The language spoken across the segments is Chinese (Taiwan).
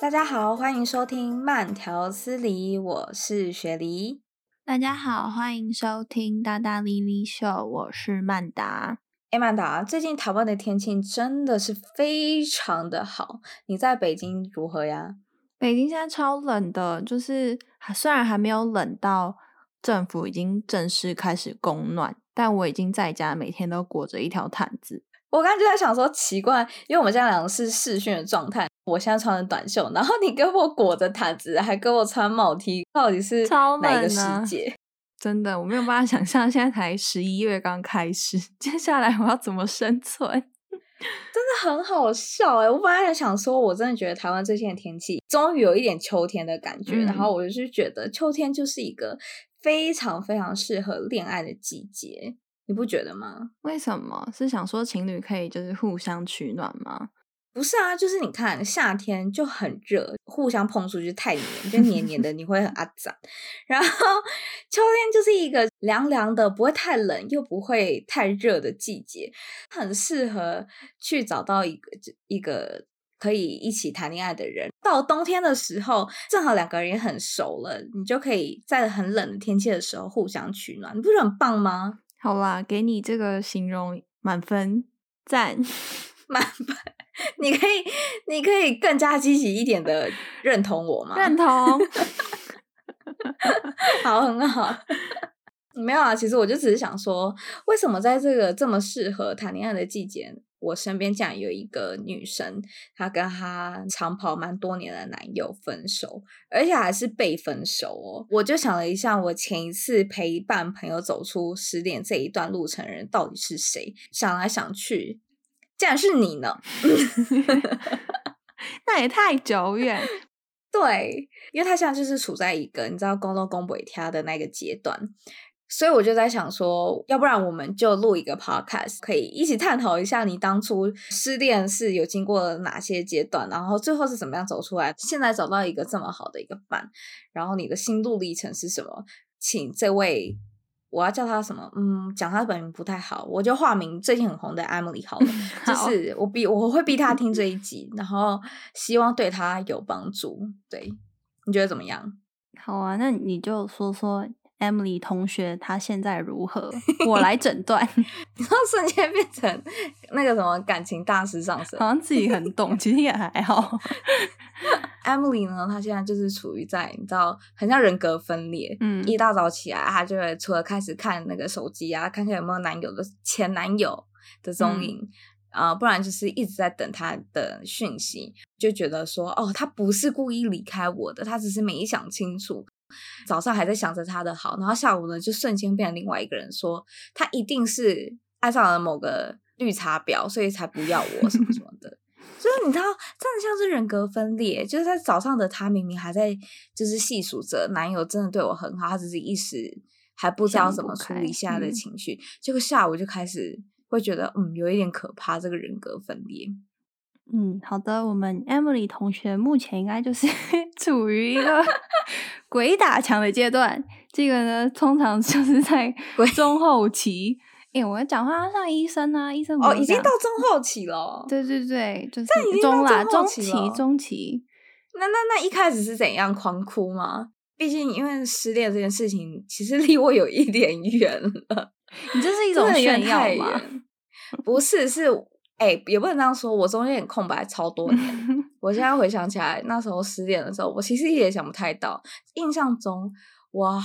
大家好，歡迎收聽慢條斯理，我是雪梨。大家好，歡迎收聽大大莉莉秀。我是曼達。哎、欸，曼達，最近台灣的天氣真的是非常的好，你在北京如何呀？北京現在超冷的，就是雖然還沒有冷到。政府已經正式開始供暖，但我已經在家，每天都裹着一條毯子。我剛才就在想說奇怪，因為我們家在兩個是視訊的狀態，我現在穿的短袖，然後你給我裹着毯子，還給我穿毛 T，到底是超美的世界？啊、 真的，我沒有辦法想象，現在才十一月剛開始，接下來我要怎麼生存？ 真的很好笑哎、欸！我本來也想說，我真的覺得台灣最近的天氣終於有一點秋天的感覺，嗯、然後我就覺得秋天就是一個。非常非常適合戀愛的季節，你不覺得嗎？為什麼？是想說情侶可以就是互相取暖嗎？不是啊，就是你看夏天就很熱，互相碰觸就太黏，就黏黏的，你會很阿、啊、雜。 然後秋天就是一個涼涼的，不會太冷又不會太熱的季節，很適合去找到一個一個。可以一起談戀愛的人，到冬天的時候，正好兩個人也很熟了，你就可以在很冷的天氣的時候互相取暖，你不是很棒嗎？好啦，給你這個形容滿分讚，讚滿分。你可以，你可以更加積極一點的認同我嗎？認同。 好，很好。沒有啊，其實我就只是想說，為什麼在這個這麼適合談戀愛的季節我身邊竟然有一個女生，她跟她長跑蠻多年的男友分手，而且還是被分手哦。我就想了一下，我前一次陪伴朋友走出失戀這一段路程的人到底是誰？想來想去，竟然是你呢！ 那也太久遠， 對，因為他現在就是處在一個你知道“攻東攻北”挑的那個階段。所以我就在想說，要不然我們就錄一個 podcast，可以一起探討一下你當初失戀是有經過哪些階段，然後最後是怎麼樣走出來，現在找到一個這麼好的一個伴，然後你的心路歷程是什麼？請這位，我要叫他什麼？嗯，講他的本名不太好，我就化名最近很紅的 Emily 好了，好就是我逼我會逼他聽這一集，然後希望對他有幫助。對，你覺得怎麼樣？好啊，那你就說說。Emily 同學，她現在如何？我來診斷。然後 瞬間變成那個什麼感情大師上身，好像自己很懂。 其實也還好。Emily 呢，她現在就是處於在，你知道，很像人格分裂。嗯，一大早起來，她就會除了開始看那個手機啊，看看有沒有男友的前男友的蹤影啊，嗯，呃，不然就是一直在等他的訊息，就覺得說，哦，他不是故意離開我的，他只是沒想清楚。早上還在想着他的好，然後下午呢就瞬間變成另外一個人說，說他一定是愛上了某個綠茶婊，所以才不要我什麼什麼的。 所以你知道，這樣像是人格分裂。就是在早上的他明明還在就是細數着男友，真的對我很好，他只是一時還不知道怎麼處理現在的情緒，結果下午就開始會覺得嗯，有一點可怕，這個人格分裂。嗯，好的，我們 Emily 同學目前應該就是 處於一個鬼打牆的階段。這個呢，通常就是在中後期。哎鬼、欸，我要講話像醫生啊，醫生，哦，已經到中後期了。對對對，這、就是、已經到中後期了。中期，中期。那那那一開始是怎樣？狂哭嗎？畢竟因為失戀這件事情，其實離我有一點遠了。你這是一種炫耀嗎？遠遠不是，是。哎、欸，也不能這樣說。我中間空白超多年， 我現在回想起來，那時候失戀的時候，我其實也想不太到。印象中，哇，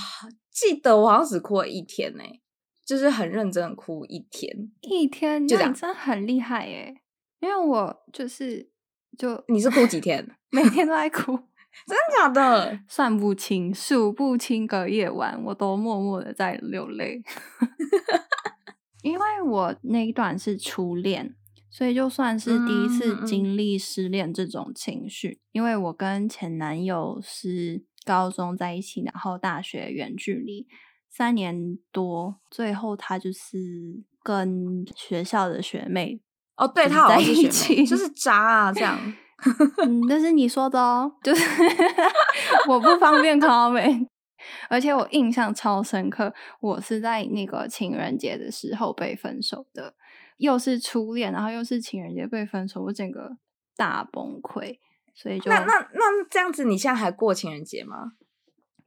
記得我好像只哭了一天呢、欸，就是很認真哭一天。一天，就這樣，你真的很厲害耶、欸！因為我就是就你是哭幾天？ 每天都在哭， 真的假的？算不清數不清個夜晚，我都默默的在流淚。 因為我那一段是初戀。所以就算是第一次經歷失戀這種情緒，嗯嗯、因為我跟前男友是高中在一起，然後大學遠距離三年多，最後他就是跟學校的學妹哦，對他好像在一起就是渣啊，這樣。 嗯，但是你說的哦，就是 我不方便 comment， 而且我印象超深刻，我是在那個情人節的時候被分手的。又是初戀，然後又是情人節被分手，我整個大崩潰，所以就那那那這樣子，你現在還過情人節嗎？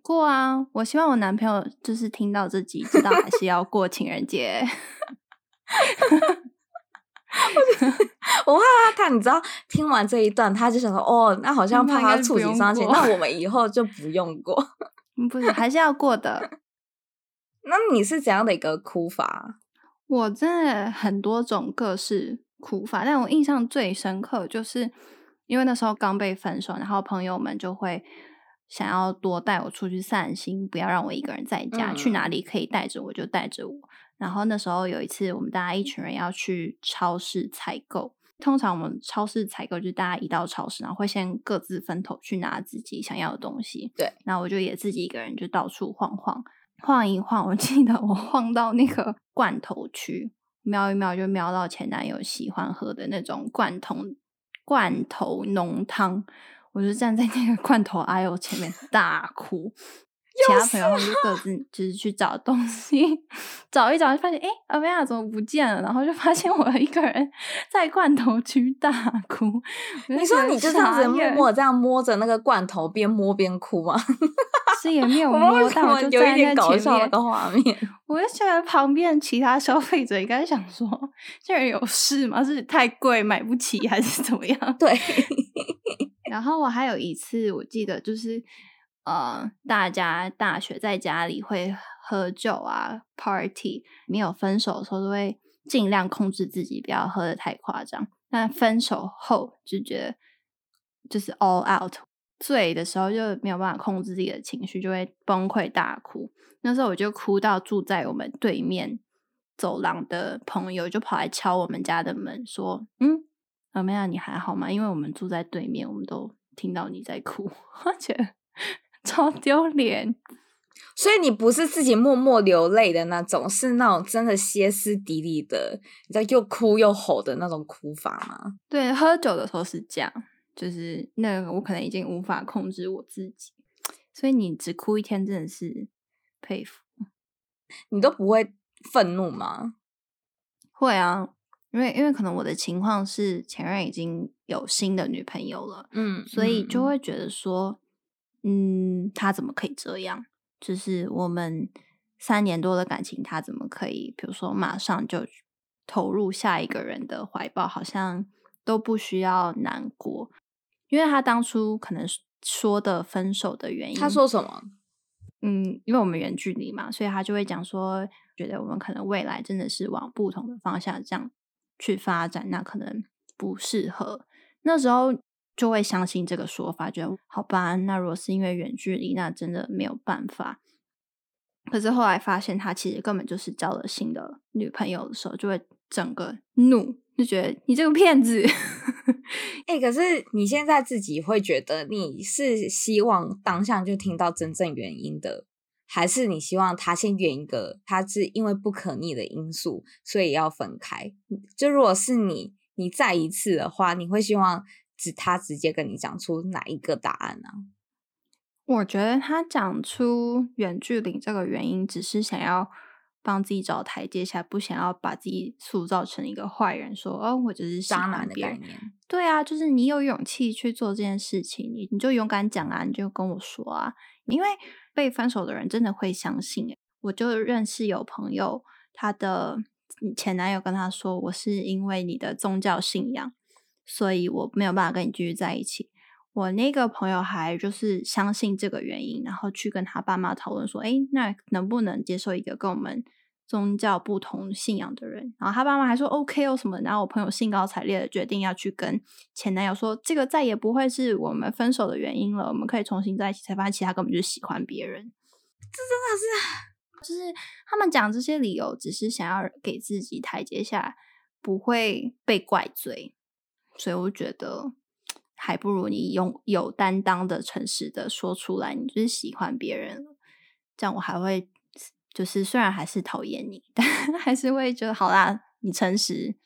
過啊！我希望我男朋友就是聽到這集，知道還是要過情人節。我怕他，他，你知道，聽完這一段，他就想說：“哦，那好像怕他觸景傷情，那，那我們以後就不用過， 不是，還是要過的。” 那你是怎樣的一個哭法？我真的很多種各式哭法，但我印象最深刻，就是因為那時候剛被分手，然後朋友們就會想要多帶我出去散心，不要讓我一個人在家。嗯嗯。去哪裡可以帶着我，就帶着我。然後那時候有一次，我們大家一群人要去超市採購。通常我們超市採購就大家一到超市，然後會先各自分頭去拿自己想要的東西。對。那我就也自己一個人就到處晃晃。晃一晃，我記得我晃到那個罐頭區，瞄一瞄就瞄到前男友喜歡喝的那種罐頭，罐頭濃湯，我就站在那個罐頭哎、呦前面大哭。 其他朋友就各自就是去找東西，啊、找一找就發現哎阿美亞怎麼不見了，然後就發現我一個人在罐頭區大哭。你說你就這樣子默默這樣摸着那個罐頭邊摸邊哭嗎？ 是也沒有摸，我有但我就站在搞笑的畫面。我就覺得旁邊其他消費者應該想說：“這人有事嗎？是太貴買不起，還是怎麼樣？”對。然後我還有一次，我記得就是，呃，大家大學在家裡會喝酒啊，party 沒有分手的時候都會盡量控制自己，不要喝得太誇張。但分手後就覺得就是 all out。醉的時候就沒有辦法控制自己的情緒，就會崩潰大哭。那時候我就哭到住在我們對面走廊的朋友就跑來敲我們家的門，說：“嗯，阿美啊，你還好嗎？”因為我們住在對面，我們都聽到你在哭，我覺得超丟臉。所以你不是自己默默流淚的那種，是那種真的歇斯底里的，你在又哭又吼的那種哭法嗎？對，喝酒的時候是這樣。就是那個我可能已經無法控制我自己，所以你只哭一天真的是佩服。你都不會憤怒嗎？會啊，因為因為可能我的情況是前任已經有新的女朋友了，嗯，所以就會覺得說，嗯，他、嗯、怎麼可以這樣？就是我們三年多的感情，他怎麼可以，比如說馬上就投入下一個人的懷抱，好像。都不需要難過，因為他當初可能說的分手的原因，他說什麼？嗯，因為我們遠距離嘛，所以他就會講說，覺得我們可能未來真的是往不同的方向這樣去發展，那可能不適合。那時候就會相信這個說法，覺得好吧，那如果是因為遠距離，那真的沒有辦法。可是後來發現他其實根本就是交了新的女朋友的時候，就會整個怒。就覺得你這個騙子， 哎、欸，可是你現在自己會覺得你是希望當下就聽到真正原因的，還是你希望他先遠一個？他是因為不可逆的因素，所以要分開。就如果是你，你再一次的話，你會希望只他直接跟你講出哪一個答案呢、啊？我覺得他講出遠距離這個原因，只是想要。幫自己找台階下，不想要把自己塑造成一個壞人，說哦，我就是別人渣男的概念。對啊，就是你有勇氣去做這件事情，你你就勇敢講啊，你就跟我說啊，因為被分手的人真的會相信欸。我就認識有朋友，他的前男友跟他說，我是因為你的宗教信仰，所以我沒有辦法跟你繼續在一起。我那個朋友還就是相信這個原因，然後去跟他爸媽討論說：“哎，那能不能接受一個跟我們宗教不同信仰的人？”然後他爸媽還說 “OK 哦什麼”，然後我朋友興高采烈的決定要去跟前男友說：“這個再也不會是我們分手的原因了，我們可以重新在一起。”才發現其他根本就是喜歡別人，這真的是、啊、就是他們講這些理由，只是想要給自己台階下，不會被怪罪，所以我覺得。還不如你用有擔當的、誠實的說出來，你就是喜歡別人，這樣我還會就是雖然還是討厭你，但還是會覺得好啦，你誠實。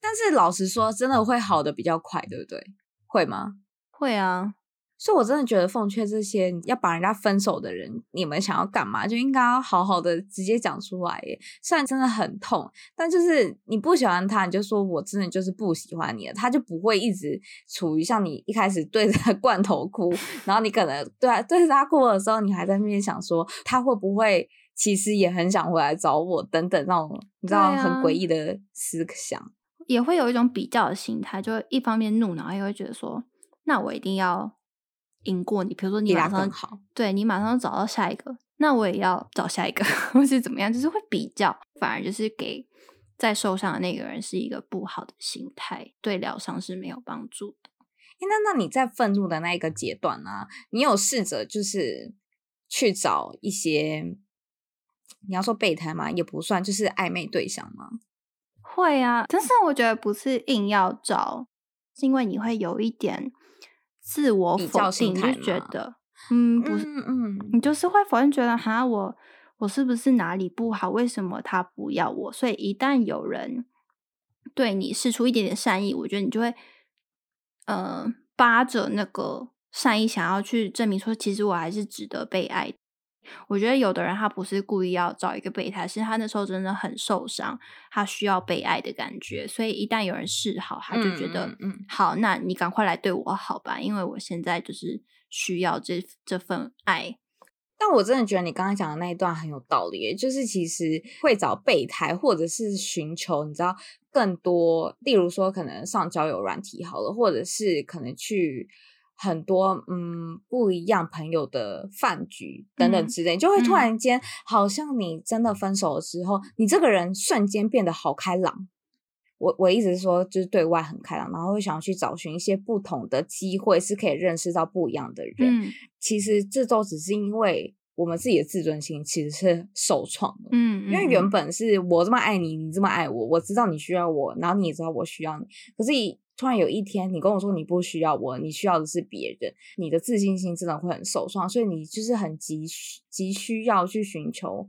但是老實說，真的會好得比較快，對不對？會嗎？會啊。所以，我真的覺得奉勸這些要把人家分手的人，你們想要幹嘛？就應該要好好的直接講出來耶，雖然真的很痛，但就是你不喜歡他，你就說我真的就是不喜歡你了，他就不會一直處於像你一開始對着罐頭哭， 然後你可能對、啊、對着他哭的時候，你還在那邊想說他會不會其實也很想回來找我等等，那種你知道很詭異的思想、啊，也會有一種比較的心態，就一方面怒，然後又會覺得說那我一定要。贏過你，比如說你馬上好，對你馬上找到下一個，那我也要找下一個，或是怎麼樣？就是會比較，反而就是給在受傷的那個人是一個不好的心態，對療傷是沒有幫助的。那那你在憤怒的那一個階段呢、啊？你有試着就是去找一些你要說備胎嗎？也不算，就是曖昧對象嗎？會啊，但是我覺得不是硬要找，是因為你會有一點。自我否定就覺得，嗯，不是，嗯，嗯，你就是會否認，覺得哈，我我是不是哪裡不好？為什麼他不要我？所以一旦有人對你釋出一點點善意，我覺得你就會，呃，扒着那個善意，想要去證明說，其實我還是值得被愛的。我覺得有的人他不是故意要找一個備胎，是他那時候真的很受傷，他需要被愛的感覺，所以一旦有人示好，他就覺得，嗯、嗯，好，那你趕快來對我好吧，因為我現在就是需要這這份愛。但我真的覺得你剛剛講的那一段很有道理耶，就是其實會找備胎，或者是尋求，你知道更多，例如說可能上交友軟體好了，或者是可能去。很多嗯，不一樣朋友的飯局等等之類，嗯、就會突然間，嗯、好像你真的分手了之後，你這個人瞬間變得好開朗。我我一直說，就是對外很開朗，然後會想要去找尋一些不同的機會，是可以認識到不一樣的人。嗯、其實這都只是因為我們自己的自尊心其實是受創的。嗯,嗯,嗯，因為原本是我這麼愛你，你這麼愛我，我知道你需要我，然後你也知道我需要你，可是以。突然有一天，你跟我說你不需要我，你需要的是別人，你的自信心真的會很受傷，所以你就是很急，急需要去尋求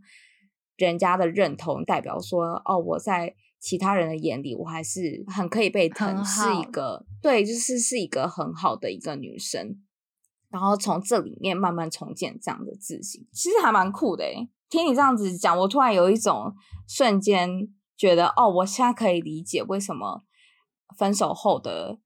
人家的認同，代表說哦，我在其他人的眼裡我還是很可以被疼。好是一個對，就是是一個很好的一個女生，然後從這裡面慢慢重建這樣的自信，其實還蠻酷的誒。聽你這樣子講，我突然有一種瞬間覺得哦，我現在可以理解為什麼，分手後的，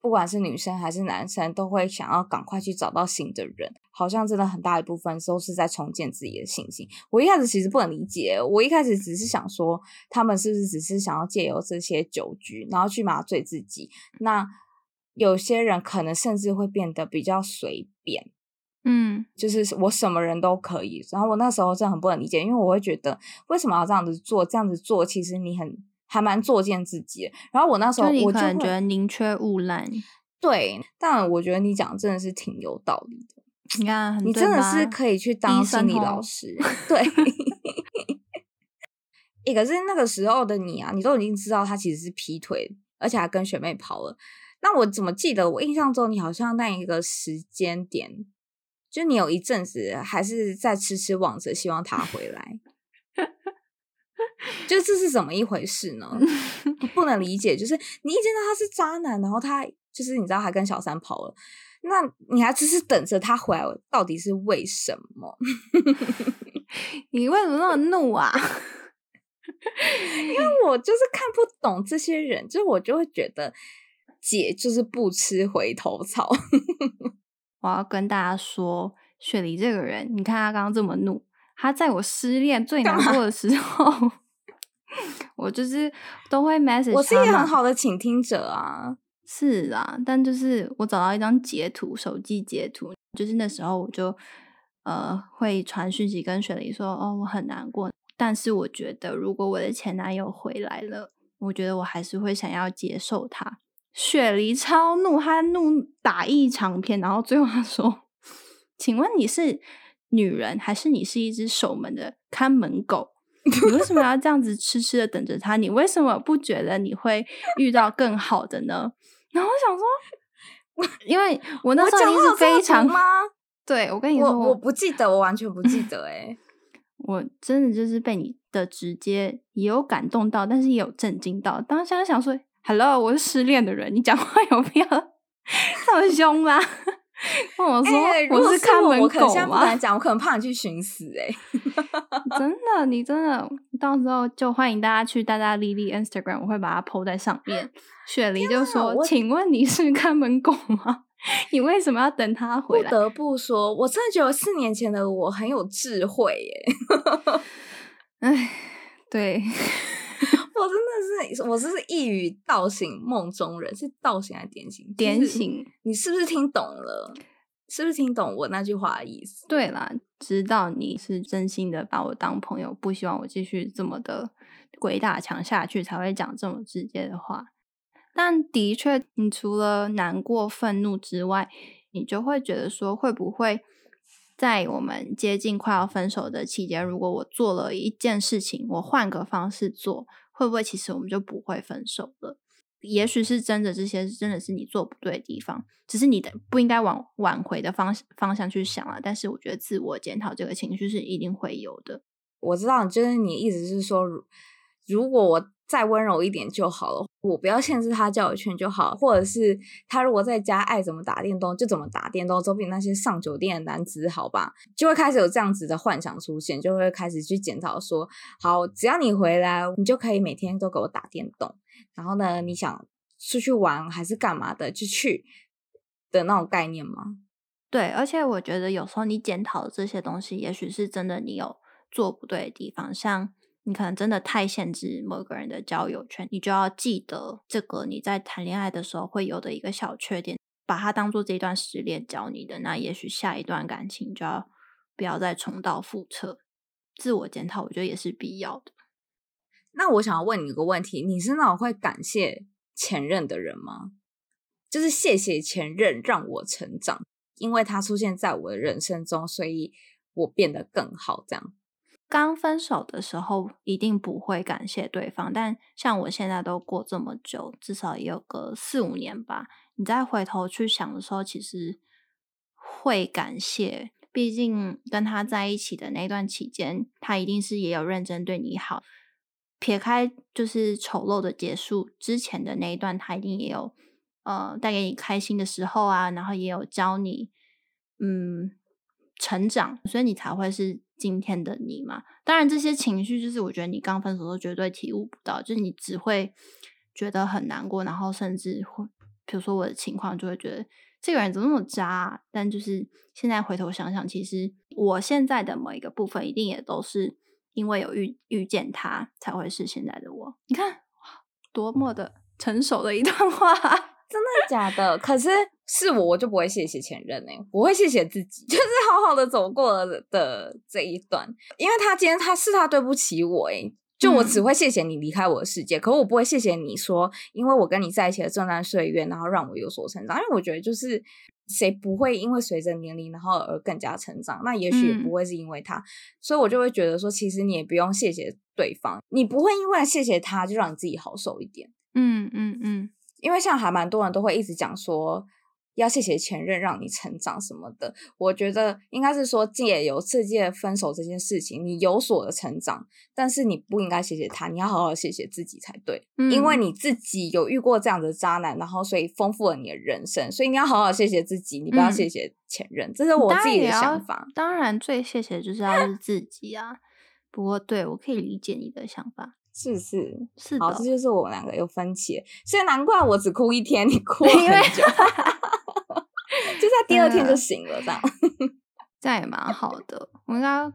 不管是女生還是男生，都會想要趕快去找到新的人，好像真的很大一部分都是在重建自己的信心。我一開始其實不能理解，我一開始只是想說，他們是不是只是想要借由這些酒局，然後去麻醉自己？那有些人可能甚至會變得比較隨便，嗯，就是我什麼人都可以。然後我那時候真的很不能理解，因為我會覺得，為什麼要這樣子做？這樣子做，其實你很。還蠻作賤自己，然後我那時候我就，就覺得寧缺毋濫，對，但我覺得你講的真的是挺有道理的。你看，你真的是可以去當心理老師，對。哎 欸，可是那個時候的你啊，你都已經知道他其實是劈腿，而且還跟學妹跑了。那我怎麼記得我印象中你好像那一個時間點，就你有一陣子還是在痴痴望着，希望他回來。 就這是怎麼一回事呢？ 我不能理解。就是你一見到他是渣男，然後他就是你知道他跟小三跑了，那你還只是等着他回來，到底是為什麼？ 你為什麼那麼怒啊？ 因為我就是看不懂這些人，就是我就會覺得姐就是不吃回頭草。 我要跟大家說，雪梨這個人，你看他剛剛這麼怒。他在我失戀最難過的時候，我就是都會 message。我是一個很好的傾聽者啊，是啊，但就是我找到一張截圖，手機截圖，就是那時候我就呃會傳訊息跟雪梨說，哦，我很難過，但是我覺得如果我的前男友回來了，我覺得我還是會想要接受他。雪梨超怒，他怒打一長篇，然後最後他說，請問你是？女人還是你是一隻守門的看門狗，你為什麼要這樣子痴痴的等着他？ 你為什麼不覺得你會遇到更好的呢？然後我想說，因為我那時候已經非常嗎？對，我跟你說我，我不記得，我完全不記得、欸。誒我真的就是被你的直接也有感動到，但是也有震驚到。當下想說，Hello，我是失戀的人，你講話有必要這麼凶嗎？ 跟我說：“我是看門狗嗎？”講、欸、我，我，我可能怕你去尋死哎， 真的，你真的，到時候就歡迎大家去大大麗麗 Instagram，我會把它 po 在上面。雪梨就說：“啊、請問你是看門狗嗎？你為什麼要等他回來？”不得不說，我真的覺得四年前的我很有智慧耶、欸。哎， 對。 我真的是，我是一語道醒夢中人，是道醒還是點醒？點醒你是不是聽懂了？是不是聽懂我那句話的意思？對啦，知道你是真心的把我當朋友，不希望我繼續這麼的鬼打牆下去，才會講這麼直接的話。但的確，你除了難過、憤怒之外，你就會覺得說，會不會？在我們接近快要分手的期間，如果我做了一件事情，我換個方式做，會不會其實我們就不會分手了？也許是真的，這些真的是你做不對的地方，只是你的不應該往挽回的方方向去想了啊。但是我覺得自我檢討這個情緒是一定會有的。我知道，就是你意思是說，如果我。再溫柔一點就好了，我不要限制他交友圈就好，或者是他如果在家愛怎麼打電動就怎麼打電動，總比那些上酒店的男子好吧？就會開始有這樣子的幻想出現，就會開始去檢討說，好，只要你回來，你就可以每天都給我打電動，然後呢，你想出去玩還是幹嘛的就去的那種概念嗎？對，而且我覺得有時候你檢討這些東西，也許是真的你有做不對的地方，像。你可能真的太限制某一個人的交友圈，你就要記得這個你在談戀愛的時候會有的一個小缺點，把它當做這一段失戀教你的。那也許下一段感情就要不要再重蹈覆轍，自我檢討，我覺得也是必要的。那我想要問你一個問題：你是那種會感謝前任的人嗎？就是謝謝前任讓我成長，因為他出現在我的人生中，所以我變得更好，這樣。剛分手的時候一定不會感謝對方，但像我現在都過這麼久，至少也有個四五年吧。你再回頭去想的時候，其實會感謝，畢竟跟他在一起的那段期間，他一定是也有認真對你好。撇開就是醜陋的結束之前的那一段，他一定也有呃帶給你開心的時候啊，然後也有教你嗯，成長，所以你才會是今天的你嘛。當然，這些情緒就是我覺得你剛分手都絕對體悟不到，就是你只會覺得很難過，然後甚至會，比如說我的情況，就會覺得這個人怎麼那麼渣啊。但就是現在回頭想想，其實我現在的某一個部分，一定也都是因為有遇遇見他，才會是現在的我。你看，多麼的成熟的一段話， 真的假的？可是。是我，我就不會謝謝前任哎、欸，我會謝謝自己，就是好好的走過的，的這一段。因為他今天他是他對不起我哎、欸，就我只會謝謝你離開我的世界，嗯、可我不會謝謝你說，因為我跟你在一起的這段歲月，然後讓我有所成長。因為我覺得就是誰不會因為隨着年齡然後而更加成長，那也許也不會是因為他，嗯、所以我就會覺得說，其實你也不用謝謝對方，你不會因為謝謝他就讓你自己好受一點。嗯嗯嗯，嗯嗯因為像還蠻多人都會一直講說。要謝謝前任讓你成長什麼的，我覺得應該是說借由世界分手這件事情，你有所的成長，但是你不應該謝謝他，你要好好謝謝自己才對，嗯、因為你自己有遇過這樣的渣男，然後所以豐富了你的人生，所以你要好好謝謝自己，你不要謝謝前任，嗯、這是我自己的想法。當然，當然最謝謝就是，要是自己啊。 不過，對，我可以理解你的想法，是是是，是的好，這就是我們兩個有分歧，所以難怪我只哭一天，你哭了很久。 就在第二天就醒了，嗯，這樣，這 樣也蠻好的。我們要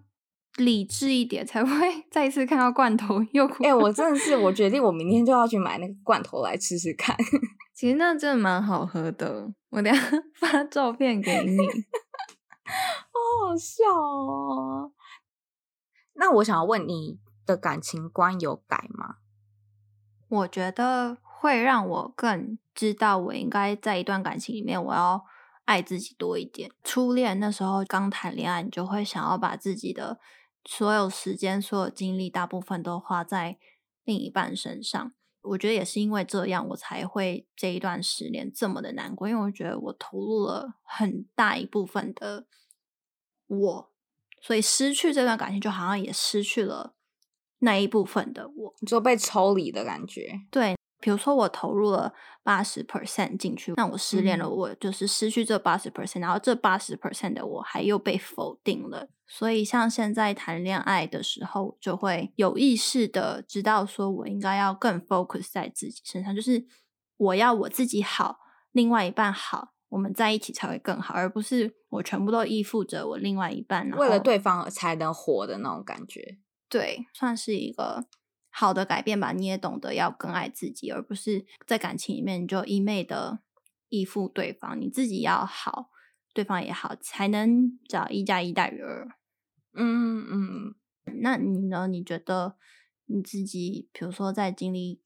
理智一點，才不會再一次看到罐頭又哭。哎、欸，我真的是，我決定我明天就要去買那個罐頭來吃吃看。 其實那真的蠻好喝的，我等下發照片給你， 好好笑哦。那我想要問你的感情觀有改嗎？我覺得會讓我更。知道我應該在一段感情裡面，我要愛自己多一點。初戀那時候剛談戀愛，你就會想要把自己的所有時間、所有精力，大部分都花在另一半身上。我覺得也是因為這樣，我才會這一段時間這麼的難過，因為我覺得我投入了很大一部分的我，所以失去這段感情，就好像也失去了那一部分的我，你就被抽離的感覺。對。比如說我投入了八十 percent 進去，那我失戀了，嗯、我就是失去這八十 percent，然後這八十 percent 的我還又被否定了。所以像現在談戀愛的時候，就會有意識的知道說我應該要更 focus 在自己身上，就是我要我自己好，另外一半好，我們在一起才會更好，而不是我全部都依附着我另外一半，為了對方而才能活的那種感覺。對，算是一個。好的改變吧，你也懂得要更愛自己，而不是在感情裡面你就一味的依附對方。你自己要好，對方也好，才能找一加一大於二。嗯嗯，那你呢？你覺得你自己，比如說在經歷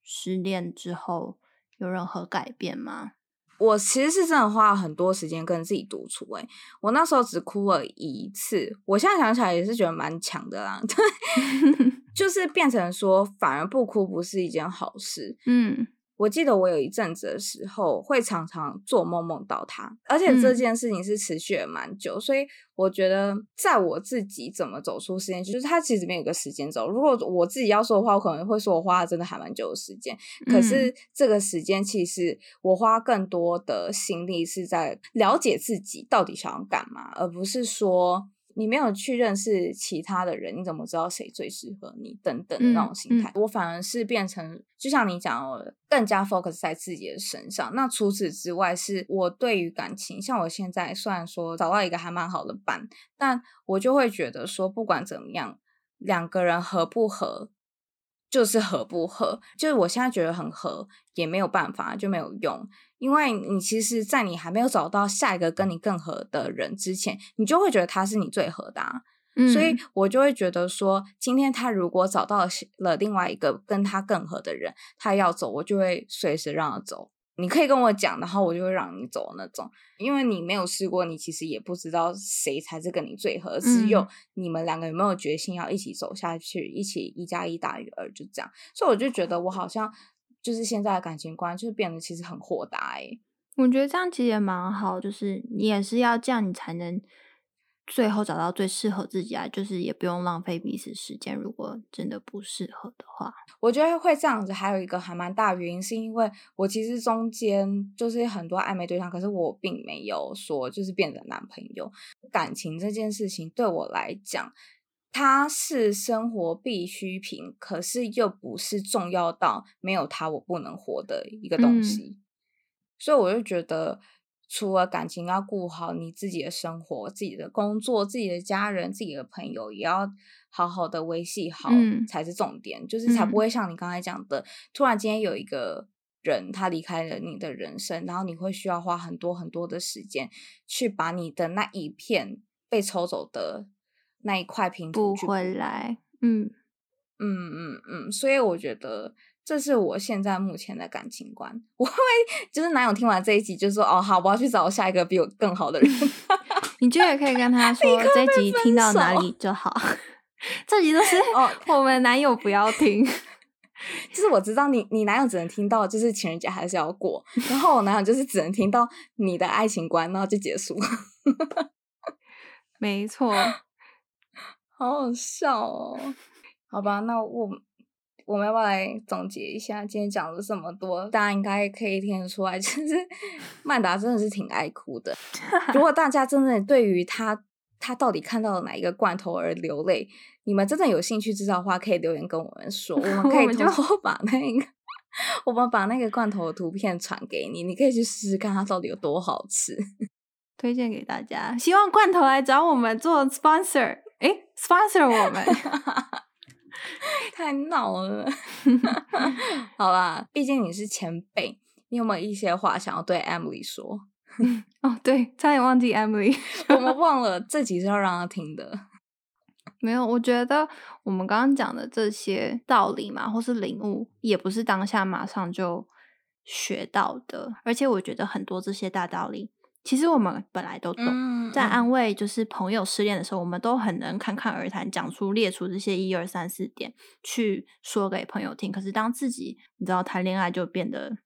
失戀之後，有任何改變嗎？我其實是真的花了很多時間跟自己獨處、欸。誒，我那時候只哭了一次，我現在想起來也是覺得蠻強的啦。對 就是變成說，反而不哭不是一件好事。嗯，我記得我有一陣子的時候，會常常做夢夢到他，而且這件事情是持續了蠻久。嗯、所以我覺得，在我自己怎麼走出時間，就是他其實裡面有個時間軸。如果我自己要說的話，我可能會說我花了真的還蠻久的時間。可是這個時間，其實我花更多的心力是在了解自己到底想要幹嘛，而不是說。你沒有去認識其他的人，你怎麼知道誰最適合你？等等的那種心態，嗯、我反而是變成就像你講，哦，更加 focus 在自己的身上。那除此之外，是我對於感情，像我現在雖然說找到一個還蠻好的伴，但我就會覺得說，不管怎麼樣，兩個人合不合就是合不合，就是我現在覺得很合，也沒有辦法，就沒有用。因為你其實，在你還沒有找到下一個跟你更合的人之前，你就會覺得他是你最合的啊。嗯、所以我就會覺得說，今天他如果找到了另外一個跟他更合的人，他要走，我就會隨時讓他走。你可以跟我講，然後我就會讓你走那種。因為你沒有試過，你其實也不知道誰才是跟你最合，只有你們兩個有沒有決心要一起走下去，一起一加一大於二，就這樣。所以我就覺得，我好像。就是現在的感情觀，就是變得其實很豁達哎。我覺得這樣其實也蠻好，就是你也是要這樣，你才能最後找到最適合自己啊。就是也不用浪費彼此時間，如果真的不適合的話，我覺得會這樣子。還有一個還蠻大原因，是因為我其實中間就是很多曖昧對象，可是我並沒有說就是變成男朋友。感情這件事情對我來講。它是生活必需品，可是又不是重要到沒有它我不能活的一個東西，嗯、所以我就覺得，除了感情要顧好，你自己的生活、自己的工作、自己的家人、自己的朋友，也要好好的維繫好，嗯、才是重點，就是才不會像你剛才講的，嗯、突然間有一個人他離開了你的人生，然後你會需要花很多很多的時間去把你的那一片被抽走的。那一塊拼圖回來，嗯嗯嗯嗯，所以我覺得這是我現在目前的感情觀。我會就是男友聽完這一集，就是說：“哦，好，我要去找下一個比我更好的人。” 你絕對可以跟他說，這一集聽到哪裡就好。 這一集就是哦，我們男友不要聽、哦。就是我知道你，你男友只能聽到，就是情人節還是要過。 然後我男友就是只能聽到你的愛情觀，然後就結束。 沒錯。好好笑哦，好吧，那我我們要不要來總結一下。今天講了這麼多，大家應該可以聽得出來，就是曼達真的是挺愛哭的。如果大家真的對於他他到底看到了哪一個罐頭而流淚，你們真的有興趣知道的話，可以留言跟我們說，我們可以偷偷把那個 我們把那個罐頭的圖片傳給你，你可以去試試看它到底有多好吃，推薦給大家。希望罐頭來找我們做 sponsor。sponsor 我們， 太鬧鬧了。 好啦，畢竟你是前輩，你有沒有一些話想要對 Emily 說？ 哦，對，差點忘記 Emily， 我們忘了這集是要讓她聽的。 沒有，我覺得我們剛剛講的這些道理嘛，或是領悟，也不是當下馬上就學到的。而且，我覺得很多這些大道理。其實我們本來都懂，在安慰就是朋友失戀的時候，我們都很能侃侃而談，講出列出這些一二三四點去說給朋友聽。可是當自己你知道談戀愛就變得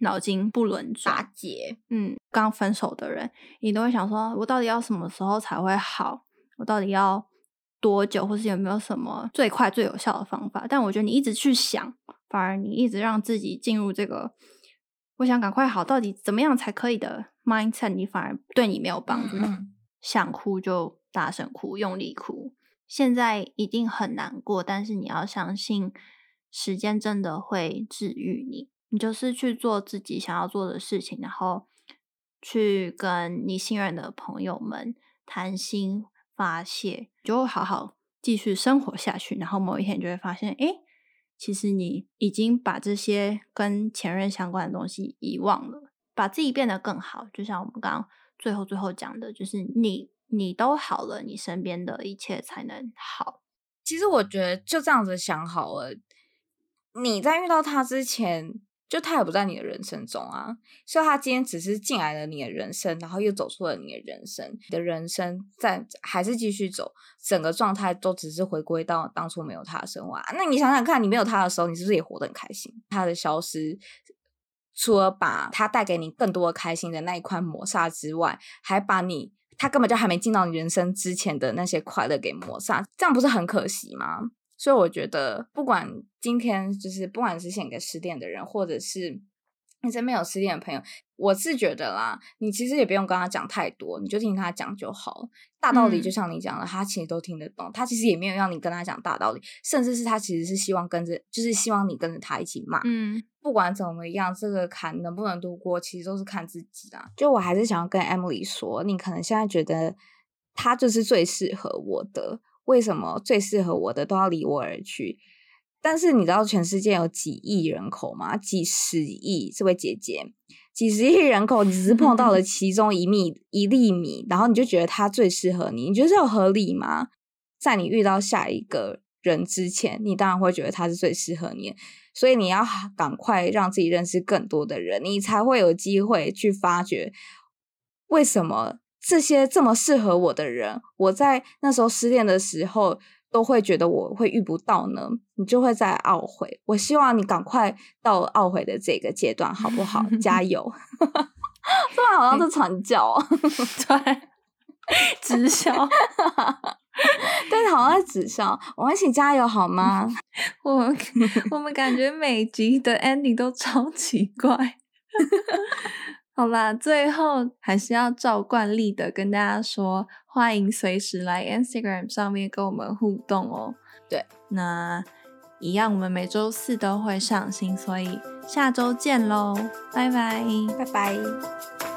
腦筋不輪打結，姐嗯，剛分手的人你都會想說，我到底要什麼時候才會好？我到底要多久，或是有沒有什麼最快最有效的方法？但我覺得你一直去想，反而你一直讓自己進入這個，我想趕快好，到底怎麼樣才可以的？mindset 你反而對你沒有幫助。嗯、想哭就大聲哭，用力哭。現在一定很難過，但是你要相信，時間真的會治癒你。你就是去做自己想要做的事情，然後去跟你信任的朋友們談心發洩，就好好繼續生活下去。然後某一天你就會發現，誒、欸，其實你已經把這些跟前任相關的東西遺忘了。把自己變得更好，就像我們剛剛最後最後講的，就是你你都好了，你身邊的一切才能好。其實我覺得就這樣子想好了，你在遇到他之前，就他也不在你的人生中啊，所以他今天只是進來了你的人生，然後又走出了你的人生，你的人生在還是繼續走，整個狀態都只是回歸到當初沒有他的生活啊。那你想想看，你沒有他的時候，你是不是也活得很開心？他的消失。除了把它帶給你更多的開心的那一塊抹煞之外，還把你他根本就還沒進到你人生之前的那些快樂給抹煞，這樣不是很可惜嗎？所以我覺得，不管今天就是不管是獻給失戀的人，或者是。你身邊有失戀的朋友，我是覺得啦，你其實也不用跟他講太多，你就聽他講就好。大道理就像你講的，嗯，他其實都聽得懂，他其實也沒有讓你跟他講大道理，甚至是他其實是希望跟着，就是希望你跟着他一起罵。嗯，不管怎麼樣，這個坎能不能度過，其實都是看自己啊。就我還是想要跟 Emily 說，你可能現在覺得他就是最適合我的，為什麼最適合我的都要離我而去？但是你知道全世界有幾億人口嗎？幾十億，這位姐姐，幾十億人口，只是碰到了其中一米 一粒米，然後你就覺得他最適合你，你覺得這有合理嗎？在你遇到下一個人之前，你當然會覺得他是最適合你的，所以你要趕快讓自己認識更多的人，你才會有機會去發掘為什麼這些這麼適合我的人，我在那時候失戀的時候。都會覺得我會遇不到呢，你就會在懊悔。我希望你趕快到懊悔的這個階段，好不好？ 加油！突 然好像是慘叫， 對，直銷，但是 好像在直銷。我們一起加油好嗎？ 我我們感覺每集的 Ending 都超奇怪。 好啦，最後還是要照慣例的跟大家說。歡迎隨時來 Instagram 上面跟我們互動哦。對，那一樣，我們每周四都會上新，所以下周見嘍，拜拜，拜拜。